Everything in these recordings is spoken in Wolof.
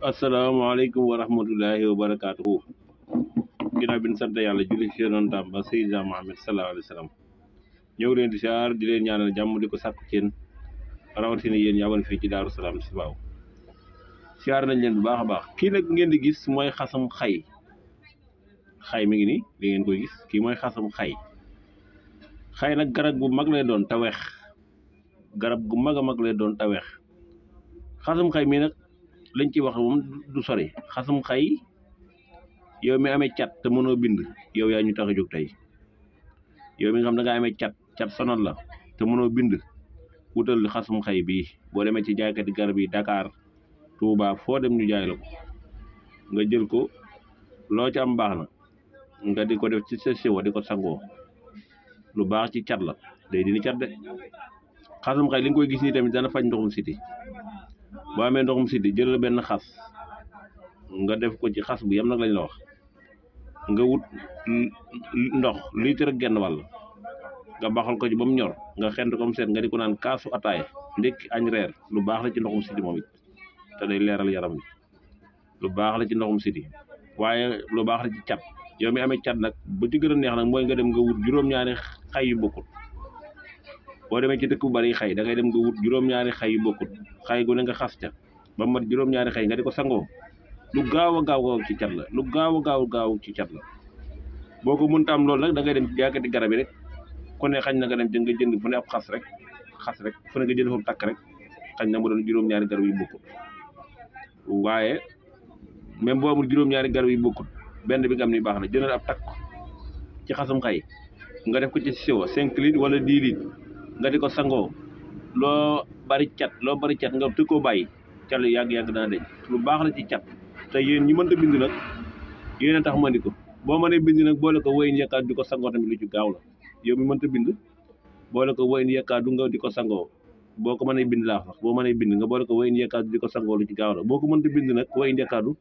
asalaamaaleykum wa rahmatullahi wa barakaatuhu ginnaaw bi ñu sant yàlla julli ci yoon tam ba Seydina Muhammad sallallahu alayhi wa ñëw leen di siyaar di leen ñaanal jàmm di ko sàkku ci yéen rawatina yéen ñu amoon fii ci Daaru Salaam si baaw siyaar nañ leen bu baax a baax kii nag ngeen di gis mooy xasam xay xay mi ngi nii di koy gis kii mooy xasam xay xay nag garab bu mag lay doon taweex garab gu mag a mag lay doon taweex xasam xay mii nag lañ ci wax moom du sori xasum xay yow mi amee cat te mënoo bind yow yaa ñu tax a jóg tey yow mi nga xam da amee cat cat sonal la te mënoo bind wutal xasum xay bii boo demee ci jaaykati garab yi dakaar Touba foo dem ñu jaay la ko nga jël ko loo ci am baax na nga di ko def ci sa siwo di ko sangoo lu baax ci cat la day dina cat de xasum xay li nga koy gis nii tamit dana faj ndoxum siti boo amee ndoxum siddi jëlal benn xas nga def ko ci xas bu yam nag lañ la wax nga wut ndox litre genn wàll nga baxal ko ci ba mu ñor nga xent ko mu seet nga di ko naan kaasu ataaya ndékki añ reer lu baax la ci ndoxum siddi moom it te day leeral yaram bi lu baax la ci ndoxum siddi waaye lu baax la ci cat yow mi amee cat nag ba ci gën neex nag mooy nga dem nga wut juróom-ñaari xay yu boo demee ci dëkk bu bari xay da ngay dem nga wut juróom-ñaari xay yu bokkut xay gu ne nga xas ca ba mat juróom-ñaari xay nga di ko sangoo lu gaaw a gaaw ci cat la lu gaaw a gaaw gaaw ci cat la boo ko mun am loolu nag da ngay dem jaakati garab yi rek ku ne xañ na nga dem nga jënd fu ne ab xas rek xas rek fu ne nga jënd foofu takk rek xañ na mu doon juróom-ñaari garab yu bokkut waaye même boo amul juróom-ñaari garab yu bokkut benn bi nga am ni baax na jëndal ab takk ci xasum xay nga def ko ci siwo 5 litres wala 10 litres nga di ko sangoo loo bari cat loo bari cat nga te koo bàyyi cat lu yàgg-yàgg dana deñ lu baax la ci cat te yéen ñi mënta bind nag yéen a tax ma di ko boo mënee bind nag boole ko wéyin yekkaat di ko sangoo tamit lu ci gaaw la yow mi mënta bind boole ko wéyin yekkaat du di ko sangoo boo ko mënee bind laa wax boo mënee bind nga boole ko wéyin yekkaat di ko sangoo lu ci gaaw boo ko mënta bind nag wéyin yekkaatu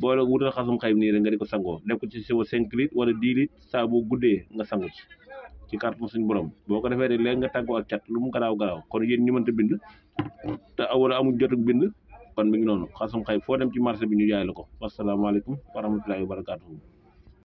boole wutal xasum xayma nii rek nga di ko sangoo def ko ci sa 5 litres wala 10 litres saa boo guddee nga sangu ci ci kàttan suñu borom boo ko defee de léegi nga tàggoo ak cat lu mu garaaw garaaw kon yéen ñi mënta bind te awala amul jotug bind kon mi ngi noonu xasum xay foo dem ci marché bi ñu jaay la ko wasalaamaaleykum wa rahmatullahi wa barakatuhu